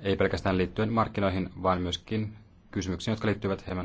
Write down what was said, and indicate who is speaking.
Speaker 1: ei pelkästään liittyen markkinoihin, vaan myöskin kysymyksiin, jotka liittyvät hieman